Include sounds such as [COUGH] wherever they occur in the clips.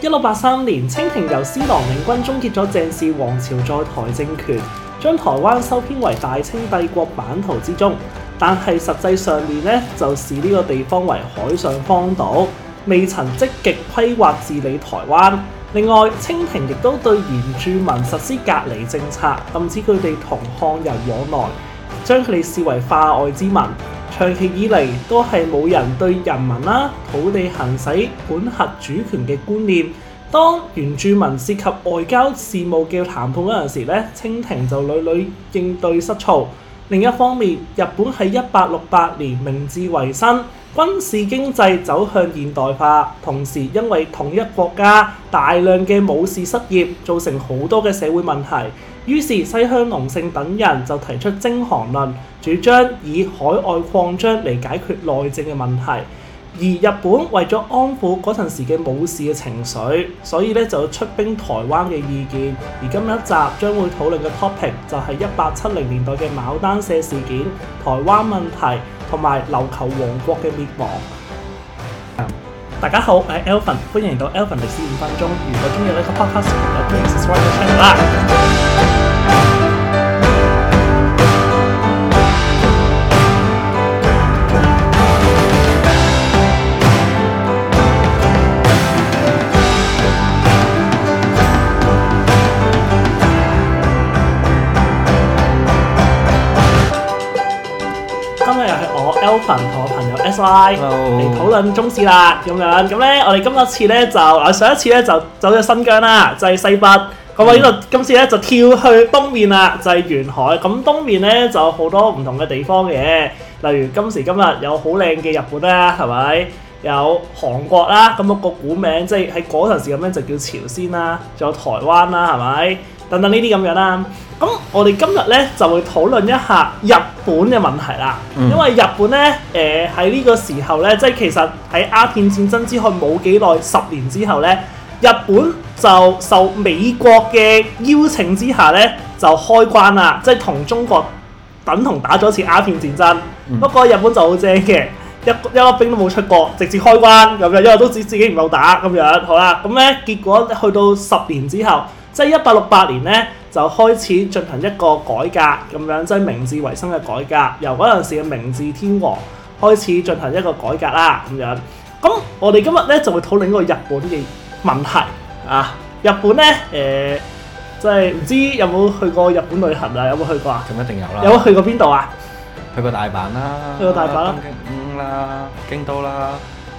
一六八三年，清廷由施琅領軍終結咗鄭氏王朝在台政權，將台灣收編為大清帝國版圖之中。但係實際上面咧，就視呢個地方為海上荒島，未曾積極規劃治理台灣。另外，清廷亦都對原住民實施隔離政策，禁止佢哋同漢人往來，將佢哋視為化外之民。長期以嚟都係冇人對人民啦、土地行使管轄主權嘅觀念。當原住民涉及外交事務嘅談判嗰陣時咧，清廷就屢屢應對失措。另一方面，日本喺一八六八年明治維新，軍事經濟走向現代化，同時因為統一國家，大量嘅武士失業，造成好多嘅社會問題。於是西鄉隆盛等人就提出征韓論，主張以海外擴張嚟解決內政嘅問題。而日本為咗安撫嗰陣時嘅武士嘅情緒，所以咧就要出兵台灣嘅意見。而今日一集將會討論嘅 topic 就係一八七零年代嘅牡丹社事件、台灣問題同埋琉球王國嘅滅亡。大家好，我係 Elvin，歡迎嚟到 Elvin 歷史五分鐘。如果中意呢個 podcast，記得 subscribe 同埋 share 啦。嚟 Hello. 討論中史啦，咁樣咁呢，我哋今一次呢，就，上一次呢，就走咗新疆啦，就係西北。咁我呢度今次呢，就跳去東面啦，就係、是、沿海。咁東面呢，就有好多唔同嘅地方嘅，例如今時今日有好靚嘅日本啦，係咪？有韓國啦，咁、那個古名即係喺嗰陣時咁咧就叫朝鮮啦，仲有台灣啦，係咪？等等呢啲咁樣啦，咁我哋今日呢，就會討論一下日本嘅問題啦。嗯、因為日本呢，誒喺呢個時候呢，即係其實喺鴉片戰爭之後冇幾耐，十年之後呢，日本就受美國嘅邀請之下呢，就開關啦，即係同中國等同打咗一次鴉片戰爭。嗯、不過日本就好正嘅，一一粒兵都冇出過，直接開關咁樣，因為都自己自己唔夠打咁樣，好啦。咁呢結果去到十年之後。即係一八六八年咧，就開始進行一個改革咁樣，即係明治維新嘅改革。由嗰陣時嘅明治天皇開始進行一個改革啦咁樣。咁我哋今日咧就會討論一個日本嘅問題啊。日本咧，誒、呃，即係唔知有冇去過日本旅行啊？有冇去過啊？咁一定有啦。有去過邊度啊？去過大阪啦，去過大阪啦，東京啦，京都啦，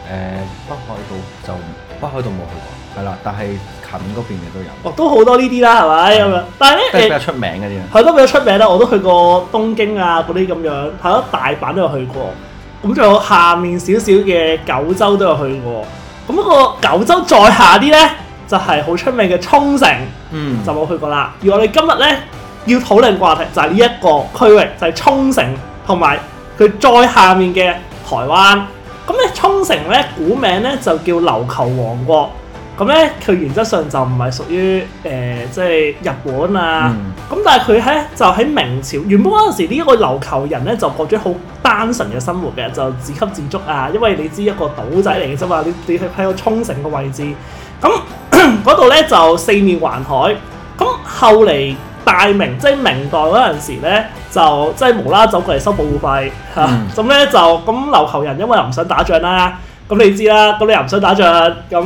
誒、呃，北海道就北海道冇去過，係啦，但係。近嗰邊嘅都有，哦，都好多呢啲啦，係咪咁樣？嗯、但係咧，都比較出名嗰啲。係都比較出名啦，我都去過東京啊嗰啲咁樣，係咯，大阪都有去過，咁仲有下面少少嘅九州都有去過，咁、那、嗰個九州再下啲咧，就係、是、好出名嘅沖繩，嗯，就冇去過啦。而我哋今日咧要討論嘅話題就係呢一個區域，就係、是、沖繩同埋佢再下面嘅台灣。咁咧，沖繩咧古名咧就叫琉球王國。咁咧，佢原則上就唔係屬於誒，即係日本啊。咁但係佢咧就喺明朝，原本嗰陣時呢個琉球人咧就過咗好單純嘅生活嘅，就自給自足啊。因為你知一個島仔嚟嘅啫嘛，你你去喺個沖繩嘅位置，咁嗰度咧就四面環海。咁後嚟大明即係明代嗰陣時咧，就即係無啦啦走過嚟收保護費吓。咁咧就咁琉球人因為唔想打仗啦。咁你知啦，咁你又唔想打仗，咁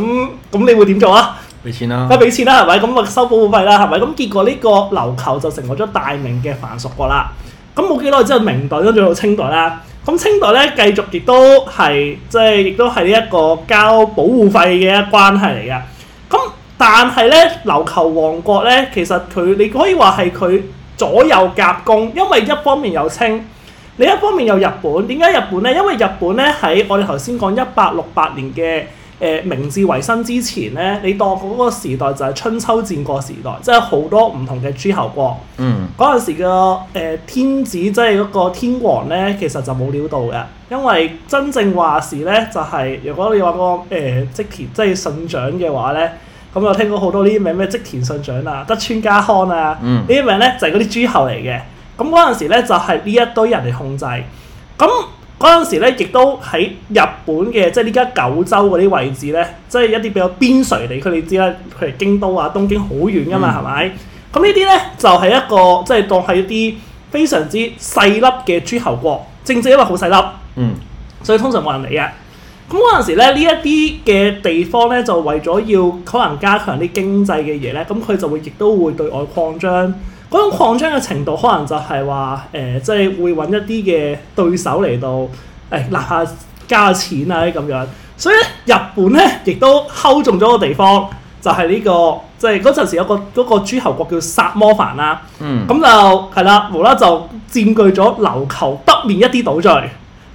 咁你會點做啊？俾錢啦，啊俾錢啦，係咪？咁啊收保護費啦，係咪？咁結果呢個琉球就成為咗大明嘅藩屬國啦。咁冇幾耐之後，明代跟住到清代啦。咁清代咧繼續亦、就是、都係即係亦都係呢一個交保護費嘅關係嚟嘅。咁但係咧琉球王國咧，其實佢你可以話係佢左右夾攻，因為一方面有清。另一方面又日本，點解日本咧？因為日本咧喺我哋頭先講一八六八年嘅誒、呃、明治維新之前咧，你當嗰個時代就係春秋戰國時代，即係好多唔同嘅諸侯國。嗯，嗰陣時嘅誒、呃、天子即係嗰個天皇咧，其實就冇料到嘅，因為真正話事咧就係、是、如果你話個誒織田即係信長嘅話咧，咁我聽過好多呢啲名咩織田信長啊、德川家康啊，嗯、呢啲名咧就係嗰啲諸侯嚟嘅。咁嗰陣時咧就係、是、呢一堆人嚟控制，咁嗰陣時咧亦都喺日本嘅即係呢家九州嗰啲位置咧，即係一啲比較邊陲地區，你知啦，譬如京都啊、東京好遠噶嘛，係咪、嗯？咁呢啲咧就係、是、一個即係當係一啲非常之細粒嘅諸侯國，正正因為好細粒，嗯，所以通常冇人嚟嘅。咁嗰陣時咧呢一啲嘅地方咧就為咗要可能加強啲經濟嘅嘢咧，咁佢就會亦都會對外擴張。嗰種擴張嘅程度，可能就係話，誒、呃，即係會揾一啲嘅對手嚟到，誒、哎，立下加錢啊啲咁樣。所以呢日本咧，亦都溝中咗個地方，就係、是、呢、這個，即係嗰陣時有個嗰、那個諸侯國叫薩摩藩啦、啊。嗯，咁就係啦，無啦就佔據咗琉球北面一啲島嶼，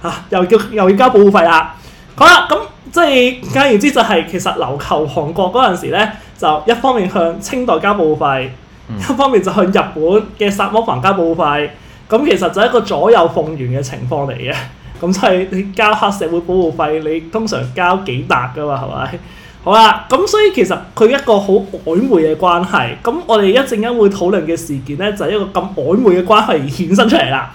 嚇、啊，又叫又要交保護費啦。好啦，咁即係簡而言之就係、是、其實琉球韓國嗰陣時咧，就一方面向清代交保護費。一方面就係日本嘅薩摩藩交保護費，咁其實就係一個左右逢源嘅情況嚟嘅。咁即係你交黑社會保護費，你通常交幾百噶嘛，係咪？好啦、啊，咁所以其實佢一個好曖昧嘅關係。咁我哋一陣間會討論嘅事件咧，就係、是、一個咁曖昧嘅關係而衍生出嚟啦。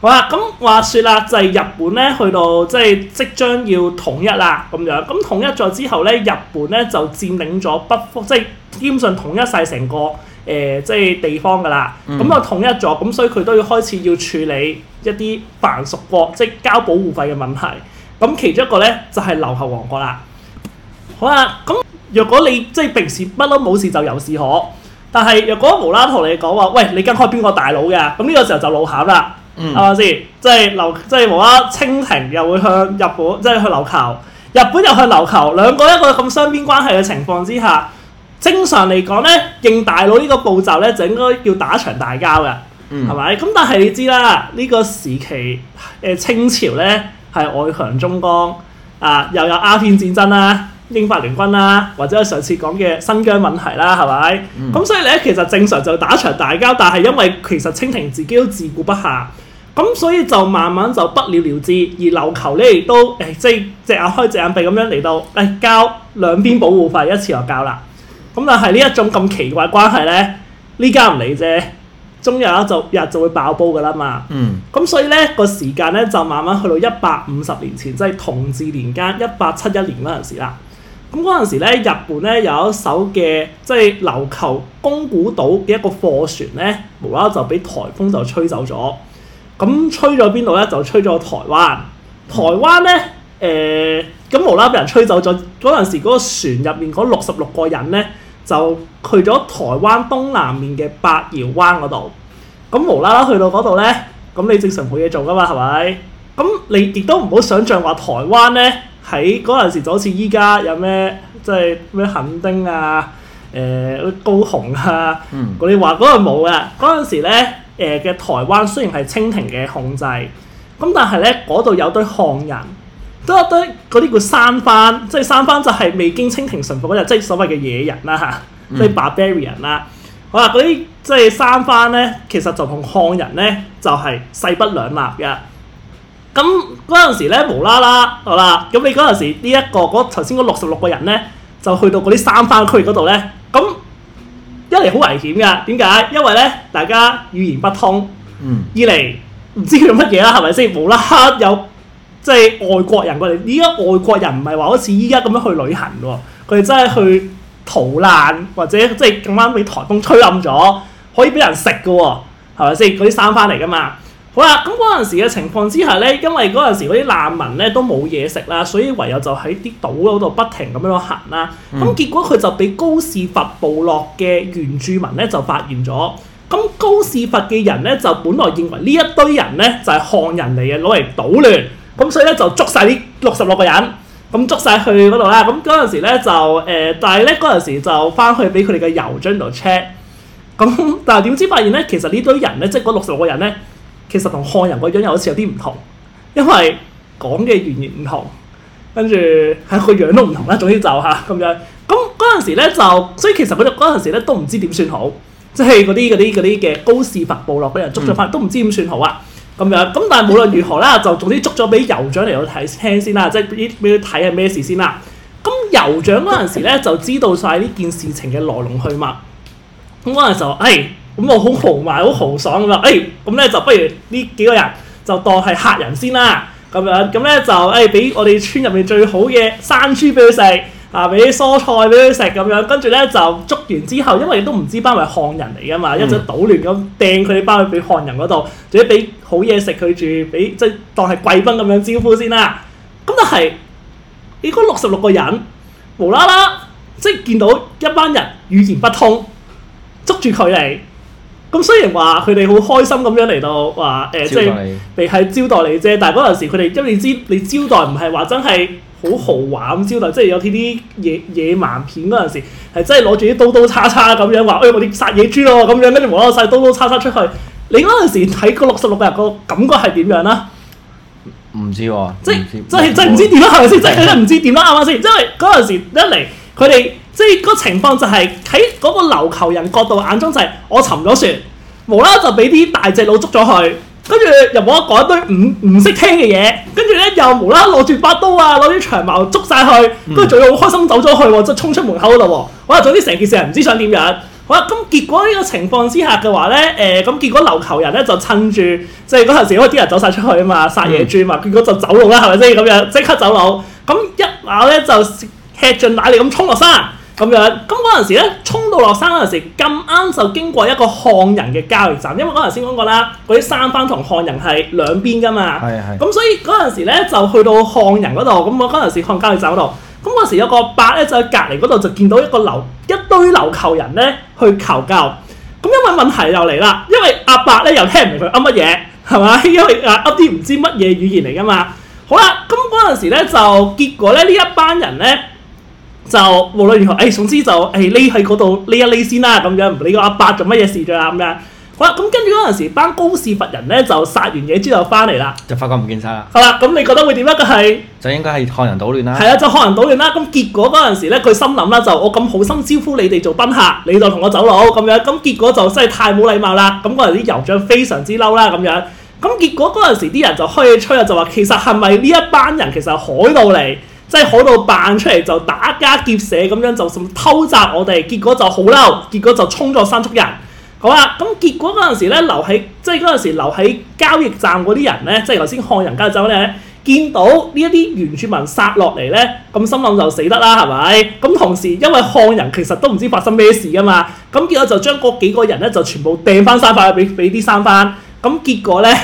好啦、啊，咁話説啦，就係、是、日本咧去到即係即，即將要統一啦，咁樣咁統一咗之後咧，日本咧就佔領咗北方，即係兼信統一晒成個。誒、呃，即係地方㗎啦，咁、嗯、啊統一咗，咁所以佢都要開始要處理一啲藩屬國，即係交保護費嘅問題。咁其中一個呢，就係琉球王國啦。好啊，咁若果你即係平時不嬲冇事就遊事可，但係若果無啦啦同你講話，喂，你跟開邊個大佬嘅？咁呢個時候就老闆啦，係咪先？即係琉，即係無啦啦，清廷又會向日本，即係去琉球，日本又去琉球，兩個一個咁雙邊關係嘅情況之下。正常嚟講咧，認大佬呢個步驟咧就應該要打場大交嘅，係咪、嗯？咁但係你知啦，呢、這個時期誒、呃、清朝咧係外強中幹啊、呃，又有鴉片戰爭啦、英法聯軍啦，或者係上次講嘅新疆問題啦，係咪？咁、嗯、所以咧，其實正常就打場大交，但係因為其實清廷自己都自顧不暇，咁所以就慢慢就不了了之，而琉球咧亦都誒即係隻眼開隻眼閉咁樣嚟到誒交，兩邊保護費一次就交啦。嗯咁但係呢一種咁奇怪嘅關係咧，呢家唔嚟啫，終有一日就會爆煲噶啦嘛。咁、嗯、所以咧、嗰個時間咧就慢慢去到一百五十年前，即、就、係、是、同治年間一八七一年嗰陣時啦。咁嗰陣時咧，日本咧有一艘嘅即係琉球宮古島嘅一個貨船咧，無啦啦就俾颱風就吹走咗。咁吹咗邊度咧？就吹咗台灣。台灣咧，誒、呃、咁無啦啦俾人吹走咗嗰陣時，嗰個船入面嗰六十六個人咧。就去咗台灣東南面嘅八瑤灣嗰度，咁無啦啦去到嗰度咧，咁你正常冇嘢做噶嘛，係咪？咁你亦都唔好想象話台灣咧喺嗰陣時就好似依家有咩即係咩墾丁啊、誒、呃、高雄啊，嗰啲話嗰度冇嘅。嗰陣時咧、誒嘅台灣雖然係清廷嘅控制，咁但係咧嗰度有堆漢人。都都嗰啲叫三番，即係三番就係未經清廷馴服嗰啲，即、就、係、是、所謂嘅野人啦，嗯、即係 barbarian 啦。好啦嗰啲即係三番咧，其實就同漢人咧就係勢不兩立嘅。咁嗰陣時咧無啦啦，好啦，咁你嗰陣時呢、這、一個嗰頭先嗰六十六個人咧，就去到嗰啲三番區域嗰度咧，咁一嚟好危險嘅，點解？因為咧大家語言不通，嗯、二嚟唔知做乜嘢啦，係咪先？無啦啦有。即係外國人過嚟，依家外國人唔係話好似依家咁樣去旅行喎，佢哋真係去逃難或者即係咁啱俾颱風吹冧咗，可以俾人食㗎喎，係咪先？嗰啲生翻嚟㗎嘛。好啦、啊，咁嗰陣時嘅情況之下咧，因為嗰陣時嗰啲難民咧都冇嘢食啦，所以唯有就喺啲島嗰度不停咁樣行啦。咁、嗯、結果佢就俾高士佛部落嘅原住民咧就發現咗，咁高士佛嘅人咧就本來認為呢一堆人咧就係、是、漢人嚟嘅，攞嚟搗亂。咁、嗯、所以咧就捉晒呢六十六個人，咁、嗯、捉晒去嗰度啦。咁嗰陣時咧就誒、呃，但係咧嗰陣時就翻去俾佢哋嘅油樽度 check。咁、嗯、但係點知發現咧，其實呢堆人咧，即係嗰六十六個人咧，其實同漢人個樣又好似有啲唔同，因為講嘅語言唔同，跟住係個樣都唔同啦。總之就嚇咁、啊、樣。咁嗰陣時咧就，所以其實嗰度嗰陣時咧都唔知點算好，即係個啲嗰啲嗰啲嘅高士伐部落俾人捉咗翻，嗯、都唔知點算好啊！咁樣，咁但係無論如何啦，就總之捉咗俾酋長嚟到睇聽先啦、啊，即係俾俾佢睇係咩事先啦、啊。咁酋長嗰陣時咧就知道晒呢件事情嘅來龍去脈。咁嗰陣時候，誒、哎，咁我好豪邁、好豪爽咁話，誒、哎，咁咧就不如呢幾個人就當係客人先啦、啊。咁樣，咁咧就誒俾、哎、我哋村入面最好嘅山豬俾佢食。啊！俾啲蔬菜俾佢食咁樣，跟住咧就捉完之後，因為都唔知班為漢人嚟噶嘛，嗯、一陣搗亂咁掟佢哋班去俾漢人嗰度，仲要俾好嘢食佢住，俾即係當係貴賓咁樣招呼先啦。咁但係，應該六十六個人無啦啦，即係見到一班人語言不通，捉住佢嚟。咁雖然話佢哋好開心咁樣嚟到話誒，即係係招待你啫。但係嗰陣時佢哋因為你知，你招待唔係話真係。好豪華咁招待，即係有啲啲野野蠻片嗰陣時，係真係攞住啲刀刀叉叉咁樣話，哎，我哋殺野豬咯咁樣，跟住無啦啦曬刀刀叉叉出去。你嗰陣時睇個六十六人個感覺係點樣啦？唔知喎，即係即係即係唔知點樣，係咪先？真係唔知點樣，啱啱先？因為嗰陣時一嚟，佢哋即係個情況就係喺嗰個琉球人角度眼中就係我沉咗船，無啦啦就俾啲大隻佬捉咗去。跟住又冇得講一堆唔唔識聽嘅嘢，跟住咧又無啦攞住把刀啊，攞啲長矛捉晒佢，跟住仲要好開心走咗去，即係衝出門口度喎！哇，總之成件事係唔知想點樣，哇！咁結果呢個情況之下嘅話咧，誒、呃、咁結果琉球人咧就趁住即係嗰陣時啲人走晒出去啊嘛，殺野豬嘛，嗯、結果就走路啦，係咪先咁樣？即刻走佬，咁一咬咧就吃盡奶力咁衝落山。咁樣，咁嗰陣時咧，衝到落山嗰陣時，咁啱就經過一個漢人嘅交易站，因為嗰陣時先講過啦，嗰啲山番同漢人係兩邊噶嘛，咁是是 所以嗰陣時咧就去到漢人嗰度，咁我嗰陣時漢交易站嗰度，咁嗰時有個伯咧就喺隔離嗰度就見到一個琉一堆琉球人咧去求救，咁因為問題又嚟啦，因為阿伯咧又聽唔明佢噏乜嘢，係嘛？因為誒噏啲唔知乜嘢語言嚟噶嘛，好啦，咁嗰陣時咧就結果咧呢一班人咧。就無論如何，誒、哎、總之就誒匿喺嗰度匿一匿先啦，咁樣唔理個阿伯做乜嘢事啫、啊、咁樣。好啦，咁跟住嗰陣時，班高士佛人咧就殺完嘢之後翻嚟啦，就發覺唔見曬啦。好啦，咁你覺得會點啊？佢係就應該係漢人搗亂啦。係啊，就漢人搗亂啦。咁結果嗰陣時咧，佢心諗啦，就我咁好心招呼你哋做賓客，你就同我走佬咁樣。咁結果就真係太冇禮貌啦。咁嗰陣啲酋長非常之嬲啦，咁樣。咁結果嗰陣時啲人就開始吹啦，就話其實係咪呢一班人其實係海盜嚟？即係好到扮出嚟就打家劫舍咁樣，就係偷襲我哋。結果就好嬲，結果就衝咗三足人。好啦、啊，咁結果嗰陣時咧，留喺即係嗰陣時留喺交易站嗰啲人咧，即係頭先漢人加走咧，見到呢一啲原住民殺落嚟咧，咁心諗就死得啦，係咪？咁同時因為漢人其實都唔知發生咩事噶嘛，咁結果就將嗰幾個人咧就全部掟翻山塊入，俾俾啲生番。咁結果咧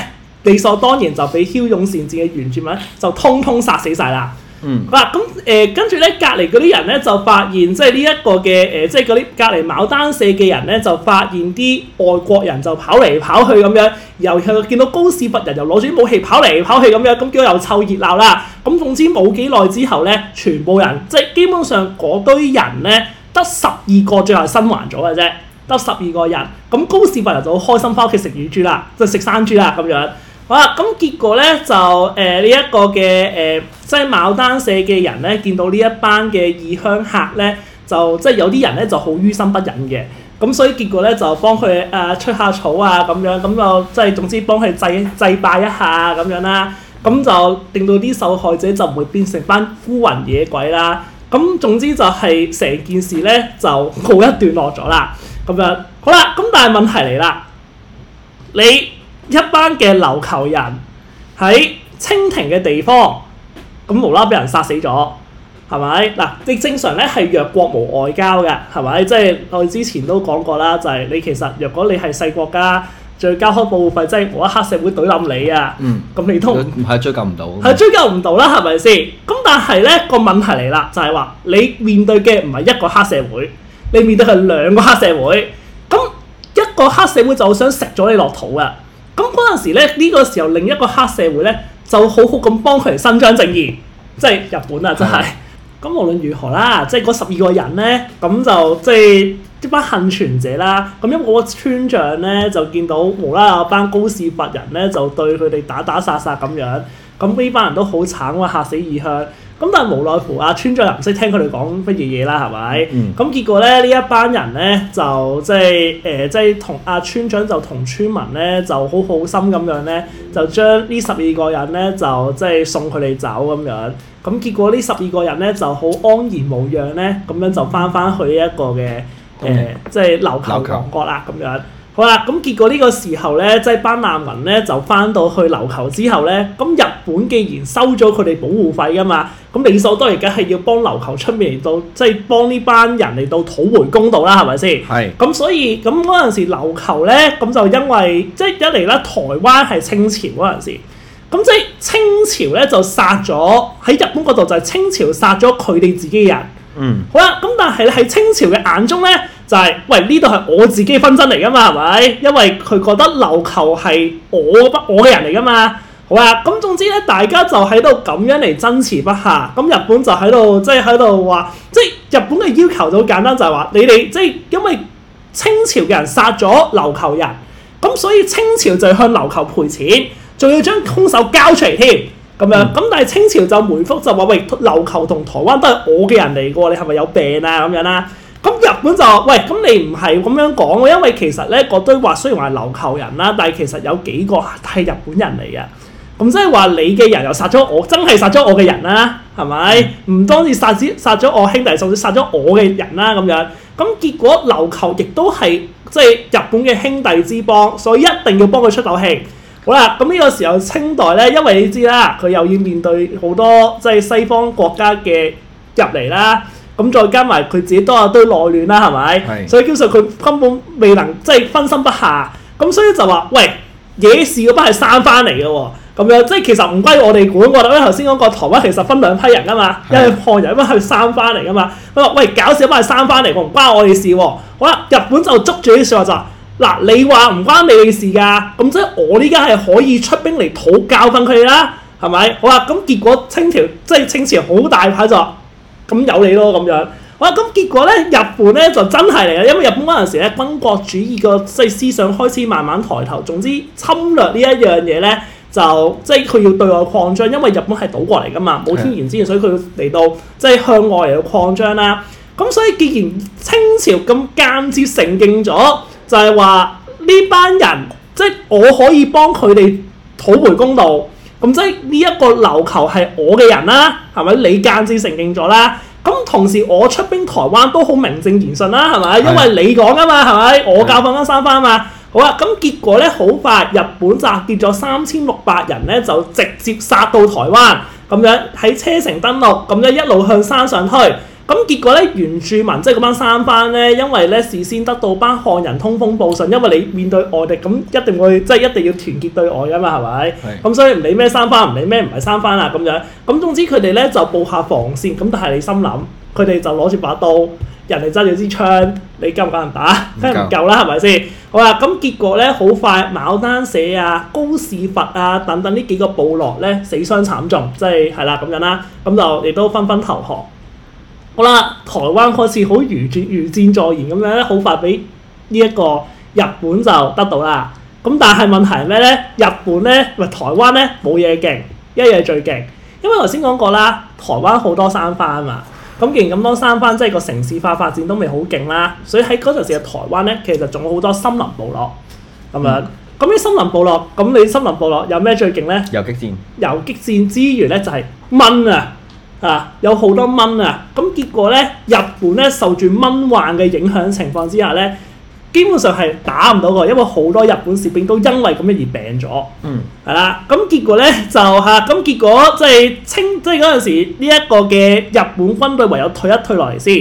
理所當然就俾驍勇善戰嘅原住民就通通殺死晒啦。嗯，咁誒跟住咧，隔離嗰啲人咧就發現，即係呢一個嘅誒、呃，即係嗰啲隔離牡丹社嘅人咧，就發現啲外國人就跑嚟跑去咁樣，又見到高士拔人又攞住啲武器跑嚟跑去咁樣，咁佢又湊熱鬧啦。咁總之冇幾耐之後咧，全部人即係基本上嗰堆人咧，得十二個最後係生還咗嘅啫，得十二個人。咁高士拔人就好開心翻屋企食乳豬啦，即係食山豬啦咁樣。好啦！咁、嗯、結果咧就誒呢、呃、一個嘅誒、呃、即係牡丹社嘅人咧，見到呢一班嘅異鄉客咧，就即係有啲人咧就好於心不忍嘅，咁、嗯、所以結果咧就幫佢誒吹下草啊咁樣，咁就即係總之幫佢祭祭拜一下咁、啊、樣啦，咁、嗯、就令到啲受害者就唔會變成班孤魂野鬼啦。咁、嗯、總之就係成件事咧就告一段落咗啦。咁樣好啦，咁、嗯、但係問題嚟啦，你。一班嘅琉球人喺清廷嘅地方，咁無啦啦俾人殺死咗，係咪？嗱，你正常咧係弱國無外交嘅，係咪？即係我哋之前都講過啦，就係、是、你其實若果你係細國家，最交開保護費，即係無一黑社會懟冧你啊！嗯，咁你都唔係、嗯、追究唔到，係追究唔到啦，係咪先？咁但係咧個問題嚟啦，就係、是、話你面對嘅唔係一個黑社會，你面對係兩個黑社會，咁一個黑社會就好想食咗你落肚啊！咁嗰陣時咧，呢個時候另一個黑社會咧，就好好咁幫佢哋伸張正義，即係日本啊，真係。咁 [LAUGHS] 無論如何啦，即係嗰十二個人咧，咁就即係啲班幸存者啦。咁因為我個村長咧就見到無啦啦有班高士佛人咧就對佢哋打打殺殺咁樣，咁呢班人都好慘喎，嚇死二鄉。咁但係無奈乎阿村長又唔識聽佢哋講乜嘢嘢啦，係咪？咁、嗯、結果咧，呢一班人咧就即係誒，即、就、係、是呃就是、同阿村長就同村民咧就好好心咁樣咧，就將呢十二個人咧就即係、就是、送佢哋走咁樣。咁結果呢十二個人咧就好安然無恙咧，咁樣就返返去一個嘅誒，即係琉球國啦咁樣。好啦，咁結果呢個時候咧，即係班難民咧就翻到去琉球之後咧，咁日本既然收咗佢哋保護費噶嘛，咁理所當然梗係要幫琉球出面嚟到，即係幫呢班人嚟到討回公道啦，係咪先？係是。咁所以咁嗰陣時琉球咧，咁就因為即係一嚟啦，台灣係清朝嗰陣時，咁即係清朝咧就殺咗喺日本嗰度就係清朝殺咗佢哋自己人。嗯。好啦，咁但係咧喺清朝嘅眼中咧。就係、是、喂呢度係我自己紛爭嚟噶嘛，係咪？因為佢覺得琉球係我不我嘅人嚟噶嘛。好啊，咁總之咧，大家就喺度咁樣嚟爭持不下。咁日本就喺度即係喺度話，即、就、係、是就是、日本嘅要求就好簡單就，就係話你哋即係因為清朝嘅人殺咗琉球人，咁所以清朝就要向琉球賠錢，仲要將兇手交出嚟添。咁樣咁，但係清朝就回覆就話喂，琉球同台灣都係我嘅人嚟嘅喎，你係咪有病啊？咁樣啦、啊。咁日本就喂，咁你唔係咁樣講喎，因為其實咧嗰堆話雖然話琉球人啦，但係其實有幾個係日本人嚟嘅。咁即係話你嘅人又殺咗我，真係殺咗我嘅人啦、啊，係咪？唔、嗯、當你殺咗殺咗我兄弟，甚至殺咗我嘅人啦、啊、咁樣。咁結果琉球亦都係即係日本嘅兄弟之邦，所以一定要幫佢出口氣。好啦，咁呢個時候清代咧，因為你知啦，佢又要面對好多即係西方國家嘅入嚟啦。咁再加埋佢自己都有堆內亂啦，係咪？是所以基本上佢根本未能即係、就是、分心不下，咁所以就話：喂，惹事嗰班係生番嚟嘅喎，咁樣即係其實唔歸我哋管。我諗頭先講過，台灣其實分兩批人啊嘛，因係漢人，一班係生番嚟噶嘛。佢話：喂，搞笑，班係生番嚟？我唔關我哋事喎。好啦，日本就捉住呢句話就話：嗱，你話唔關你哋事㗎，咁即係我呢家係可以出兵嚟討教訓佢哋啦，係咪？好啦，咁結果清朝即係清朝好大牌就。咁有你咯咁樣，哇！咁結果咧，日本咧就真係嚟啦，因為日本嗰陣時咧，軍國主義個即係思想開始慢慢抬頭，總之侵略呢一樣嘢咧就即係佢要對外擴張，因為日本係島國嚟噶嘛，冇天然資源，所以佢嚟到即係向外嚟到擴張啦。咁所以既然清朝咁間接承認咗，就係話呢班人即係我可以幫佢哋討回公道。咁即係呢一個琉球係我嘅人啦、啊，係咪？你間接承認咗啦。咁同時我出兵台灣都好名正言順啦、啊，係咪？因為你講啊嘛，係咪？我教訓翻三番啊嘛。好啊，咁結果呢，好快日本集結咗三千六百人呢，就直接殺到台灣，咁樣喺車城登陸，咁樣一路向山上推。咁結果咧，原住民即係嗰班山番咧，就是、因為咧事先得到班漢人通風報信，因為你面對外敵，咁一定會即係、就是、一定要團結對外㗎嘛，係咪？咁是、嗯、所以唔理咩山番，唔理咩唔係山番啦，咁樣。咁總之佢哋咧就布下防線，咁但係你心諗，佢哋就攞住把刀，人哋揸住支槍，你夠唔夠人打？梗係唔夠啦，係咪先？好啊，咁、嗯、結果咧，好快，牡丹社啊、高士佛啊等等呢幾個部落咧，死傷慘重，即係係啦咁樣啦，咁就亦都紛紛投降。好啦，台灣開始好如箭如箭在弦咁樣咧，好快俾呢一個日本就得到啦。咁但係問題係咩咧？日本咧，咪台灣咧冇嘢勁，一嘢最勁。因為頭先講過啦，台灣好多山花嘛。咁既然咁多山花，即係個城市化發展都未好勁啦。所以喺嗰陣時嘅台灣咧，其實仲有好多森林部落咁樣。咁啲、嗯、森林部落，咁你森林部落有咩最勁咧？游擊戰，游擊戰之餘咧，就係蚊啊！啊，有好多蚊啊！咁結果咧，日本咧受住蚊患嘅影響情況之下咧，基本上係打唔到佢，因為好多日本士兵都因為咁樣而病咗。嗯，係、啊、啦。咁結果咧就吓。咁、啊、結果即係清，即係嗰陣時呢一個嘅日本軍隊唯有退一退落嚟先，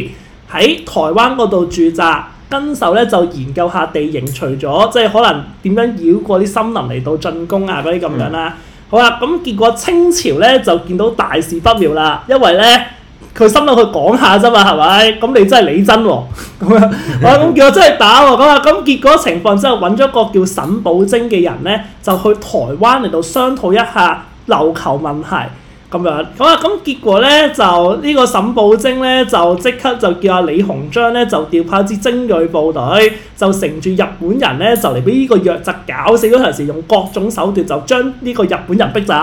喺台灣嗰度駐紮，跟手咧就研究下地形，除咗即係可能點樣繞過啲森林嚟到進攻啊嗰啲咁樣啦。嗯嗯。好啦，咁結果清朝咧就見到大事不妙啦，因為咧佢心諗佢講下啫嘛，係咪？咁你真係理真喎、哦，咁啊咁叫我真係打喎、哦，咁啊咁結果情況之後揾咗個叫沈葆楨嘅人咧，就去台灣嚟到商討一下琉球問題。咁樣，咁啊，咁結果咧就呢個沈葆楨咧就即刻就叫阿李鴻章咧就調派一支精鋭部隊，就乘住日本人咧就嚟俾呢個瘧疾搞死嗰陣時，用各種手段就將呢個日本人逼走。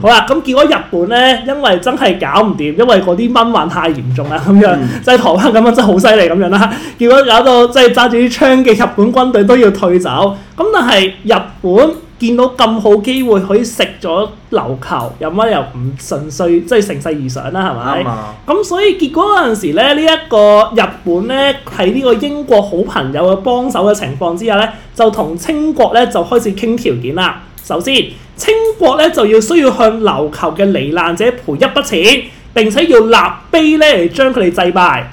好啦，咁結果日本咧因為真係搞唔掂，因為嗰啲蚊患太嚴重啦，咁樣即係、就是、台灣咁樣真係好犀利咁樣啦。結果搞到即係揸住啲槍嘅日本軍隊都要退走。咁但係日本見到咁好機會可以食咗琉球，有乜又唔順勢即係乘勢而上啦，係咪？咁 [MUSIC] 所以結果嗰陣時咧，呢、這、一個日本咧喺呢個英國好朋友嘅幫手嘅情況之下咧，就同清國咧就開始傾條件啦。首先，清國咧就要需要向琉球嘅罹難者賠一筆錢，並且要立碑咧嚟將佢哋祭拜。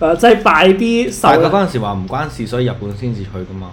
即祭拜啲。但係佢嗰陣時話唔關事，所以日本先至去㗎嘛。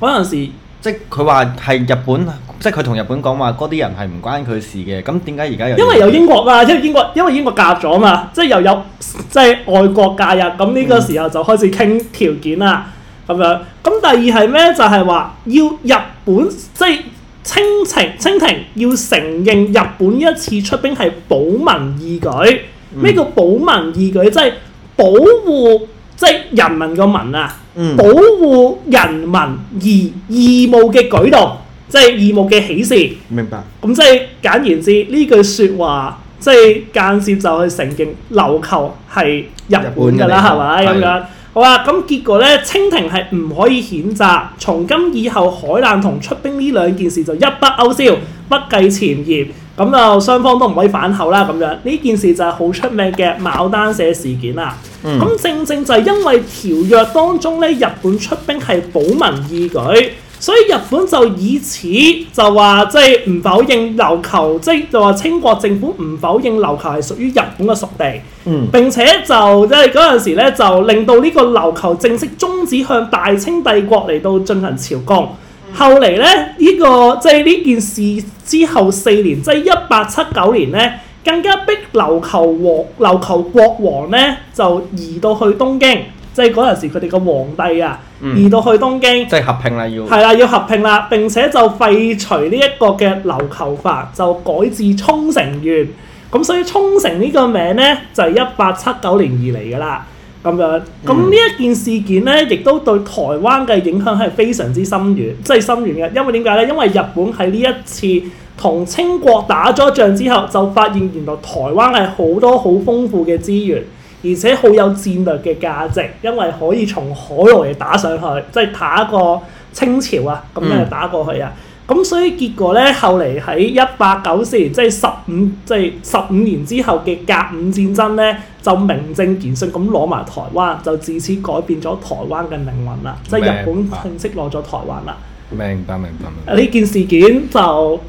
嗰陣時。即佢話係日本，即係佢同日本講話嗰啲人係唔關佢事嘅。咁點解而家又因為有英國啦，因為英國因為英國介入啊嘛，嗯、即係又有即係外國介入。咁呢個時候就開始傾條件啦，咁、嗯、樣。咁第二係咩？就係、是、話要日本即係、就是、清廷清廷要承認日本一次出兵係保民義舉。咩、嗯、叫保民義舉？即、就、係、是、保護即係、就是、人民個民啊！嗯、保護人民而義務嘅舉動，即、就、係、是、義務嘅起事。明白。咁即係簡言之，呢句説話即係間接就係承認琉球係日本㗎啦，係咪咁樣？吧的好啊。咁結果呢，清廷係唔可以譴責，從今以後海難同出兵呢兩件事就一筆勾銷，不計前嫌。咁就雙方都唔可以反口啦，咁樣呢件事就係好出名嘅牡丹社事件啦。咁、嗯、正正就係因為條約當中咧，日本出兵係保民義舉，所以日本就以此就話即係唔否認琉球，即係就話、是、清國政府唔否認琉球係屬於日本嘅屬地。嗯。並且就即係嗰陣時咧，就令到呢個琉球正式終止向大清帝國嚟到進行朝貢。後嚟咧，呢、呢個即係呢件事之後四年，即係一八七九年咧，更加逼琉球王琉球國王咧就移到去東京，即係嗰陣時佢哋嘅皇帝啊，嗯、移到去東京，即係合併啦，要係啦、啊，要合併啦，並且就廢除呢一個嘅琉球法，就改至沖繩縣。咁所以沖繩呢個名咧就係一八七九年而嚟噶啦。咁樣，咁呢一件事件咧，亦都對台灣嘅影響係非常之深遠，即係深遠嘅。因為點解咧？因為日本喺呢一次同清國打咗仗之後，就發現原來台灣係好多好豐富嘅資源，而且好有戰略嘅價值，因為可以從海路嚟打上去，即係打過清朝啊，咁、嗯、樣打過去啊。咁、嗯、所以結果咧，後嚟喺一八九四年，即係十五，即係十五年之後嘅甲午戰爭咧，就名正言順咁攞埋台灣，就自此改變咗台灣嘅命運啦。即係日本正式攞咗台灣啦。明白，明白。呢、啊、件事件就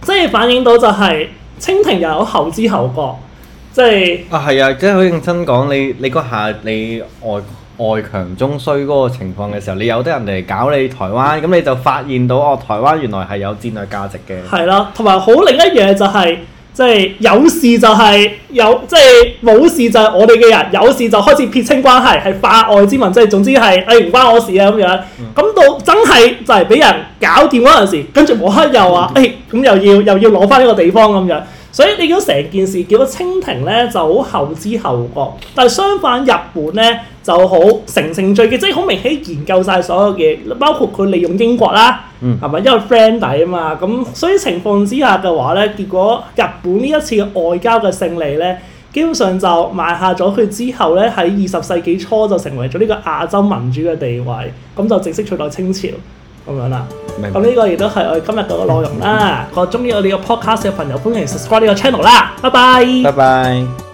即係反映到就係、是、清廷又有後知後覺，即係啊，係啊，即係好認真講，你你嗰下你外外強中衰嗰個情況嘅時候，你有啲人嚟搞你台灣，咁你就發現到哦，台灣原來係有戰略價值嘅。係啦，同埋好另一樣嘢就係、是，即、就、係、是、有事就係有，即係冇事就係我哋嘅人，有事就開始撇清關係，係化外之民。即、就、係、是、總之係誒唔關我事啊咁樣。咁、嗯、到真係就係俾人搞掂嗰陣時，跟住冇黑又話誒，咁、 [LAUGHS] 哎、又要又要攞翻呢個地方咁樣。所以你見到成件事叫到清廷咧就好後知後覺，但係相反日本咧就好成成序嘅，即係好明顯研究晒所有嘢，包括佢利用英國啦，係咪因為 friend 底啊嘛？咁所以情況之下嘅話咧，結果日本呢一次嘅外交嘅勝利咧，基本上就埋下咗佢之後咧喺二十世紀初就成為咗呢個亞洲民主嘅地位，咁就正式取代清朝。咁樣啦、啊，咁呢白個亦都係我今日嗰個內容啦、啊。我鍾意我哋個 podcast 嘅朋友，歡迎 subscribe 呢個 channel 啦。Bye bye 拜拜，拜拜。